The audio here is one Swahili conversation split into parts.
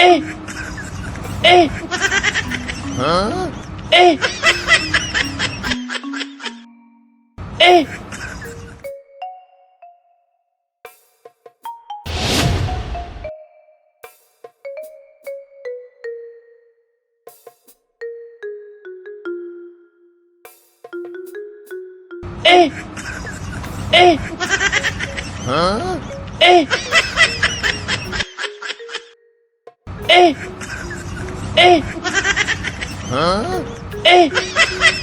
哎，哎，嗯，哎，哎，哎，哎，哎，哎。Ei! É. Ei! É. Hã? Ei! É.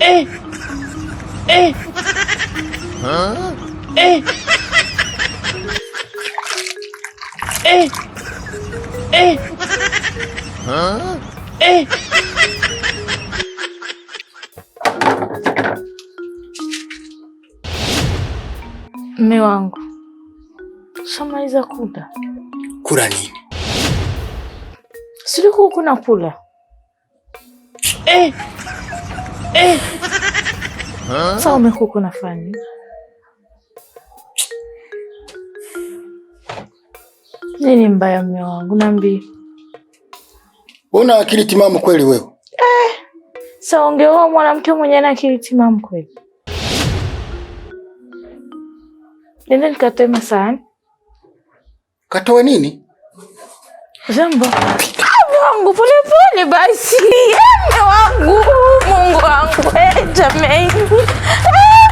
Eh! Eh! Huh? Eh! Eh! Eh! Huh? Eh. Eh. eh! Mme wangu shamaliza kula. Kula nini? Siku kuna kula eh. Eh. Huh? nafanya nini mbaya mme wangu nambi? Una akili timamu kweli wewe? Eh. Sasa ungeo mwanamke mwenye na akili timamu kweli? Nenda nikatoe masahani. Katoe nini? Jambo. Mungu pole pole basi. Mme wangu, Mungu wangu. Eh, jamani.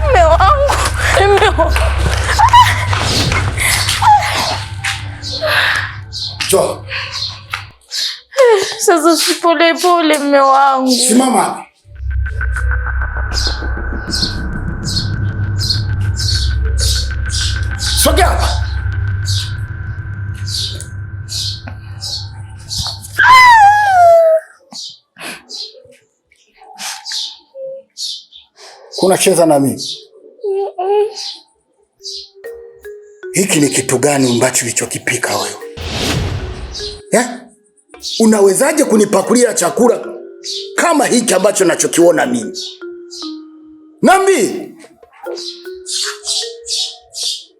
Mme wangu. Mme wangu. Jo. Eh, sasa si pole pole mme wangu. Simama. unacheza na mimi? Hiki ni kitu gani ambacho ulichokipika wewe? Yeah? Unawezaje kunipakulia chakula kama hiki ambacho nachokiona mimi? Nambi,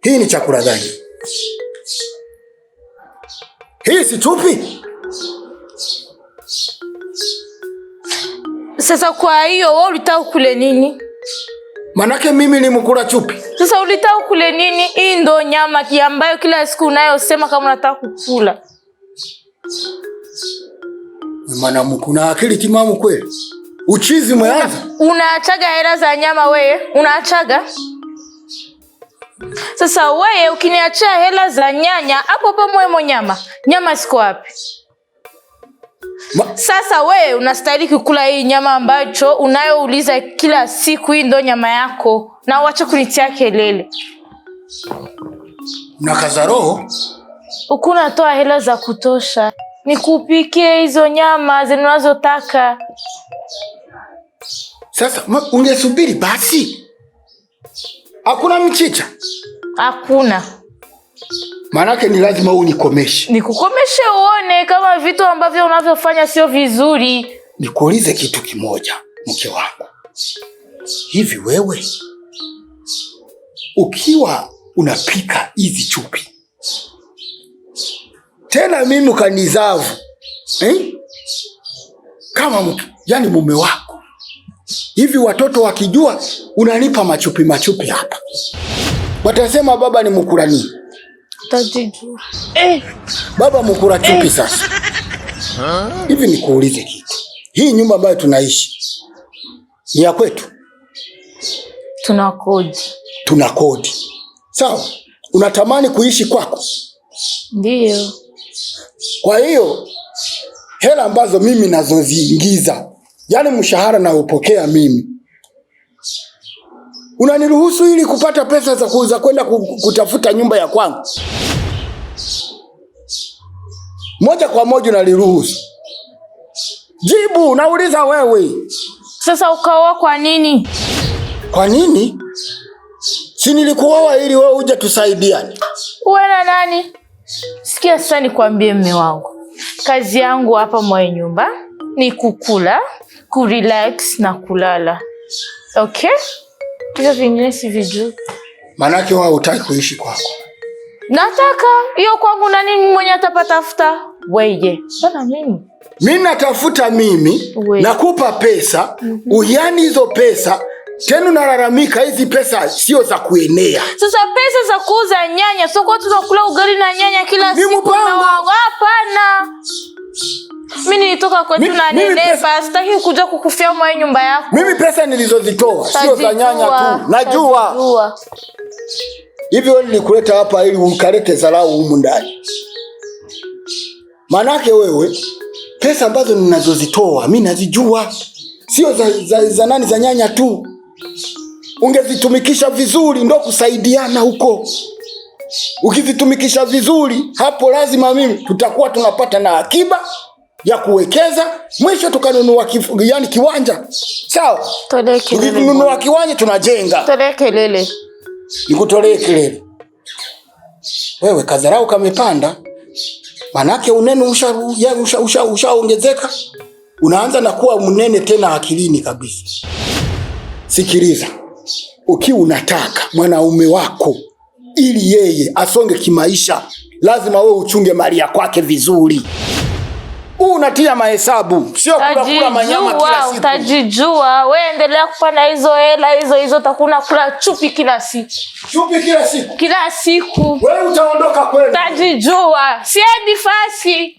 hii ni chakula gani? Hii si chupi. Sasa kwa hiyo wewe ulitaka kule nini? Manake mimi ni mkula chupi. Sasa ulitaka kule nini? Hii ndo nyama ambayo kila siku unayosema kama unataka kukula. Mwanamke una akili timamu kweli. Uchizi umeanza. Unaachaga hela za nyama wewe, unaachaga. Sasa wewe ukiniachia hela za nyanya hapo hapo mwemo nyama. Nyama siko wapi? Sasa we unastahili kukula hii nyama ambacho unayouliza kila siku. Hii ndo nyama yako, na uache kunitia kelele na kaza roho. Ukunatoa hela za kutosha nikupikie hizo nyama zinazotaka. Sasa ungesubiri basi, hakuna mchicha, hakuna Maanake ni lazima nikomeshe nikukomeshe uone kama vitu ambavyo unavyofanya sio vizuri. Nikuulize kitu kimoja, mke wangu, hivi wewe ukiwa unapika hizi chupi tena mimi ukanizavu eh? kama mke, yani mume wako, hivi watoto wakijua unanipa machupi machupi hapa, watasema baba ni mkurani Eh, baba mkura chupi eh. Sasa hivi nikuulize kitu, hii nyumba ambayo tunaishi ni ya kwetu? Tuna kodi, tuna kodi. Sawa, unatamani kuishi kwako? Ndiyo. Kwa hiyo hela ambazo mimi nazoziingiza, yani mshahara naupokea mimi unaniruhusu ili kupata pesa za kuuza kwenda kutafuta nyumba ya kwangu? Moja kwa moja unaliruhusu. Jibu nauliza wewe. Sasa ukaoa kwa nini? Kwa nini? Si nilikuoa ili wewe uje tusaidiane. Uwe na nani? Sikia sasa, nikwambie mme wangu, kazi yangu hapa mwae nyumba ni kukula, kurelax na kulala, okay? hiyo vingine si vizuri. Maanake wewe hutaki kuishi kwako. Nataka hiyo kwangu, na nini mwenye atapata tafuta weje? Bana mimi. Mimi natafuta mimi, nakupa pesa, mm -hmm. Uyani hizo pesa tena nararamika hizi pesa sio za kuenea. Sasa pesa za kuuza nyanya, sio kwa tunakula ugali na nyanya kila siku Hapana. Mimi nilitoka kwetu na nene, sitaki kuja kukufia mwa nyumba yako. Mimi pesa nilizozitoa sio za nyanya tu. Najua. Hivyo wewe nilikuleta hapa ili ukalete dharau humu ndani. Manake wewe pesa ambazo ninazozitoa mimi nazijua. Sio za, za, za nani za nyanya tu. Ungezitumikisha vizuri ndo kusaidiana huko. Ukizitumikisha vizuri hapo lazima mimi tutakuwa tunapata na akiba ya kuwekeza, mwisho tukanunua yani kiwanja sawa. Tukinunua kiwanja tunajenga, nikutolee kelele wewe, kadharau kamepanda, manake unene ushaongezeka, usha, usha, usha unaanza na kuwa mnene tena akilini kabisa. Sikiliza, ukiwa unataka mwanaume wako ili yeye asonge kimaisha, lazima wewe uchunge mali ya kwake vizuri huu unatia mahesabu, sio kula manyama kila siku. Utajijua wewe, endelea kufanya hizo hela hizo hizo, utakuna kula chupi kila siku, chupi kila siku, kila siku. Wewe utaondoka kweli, utajijua. Siendi fasi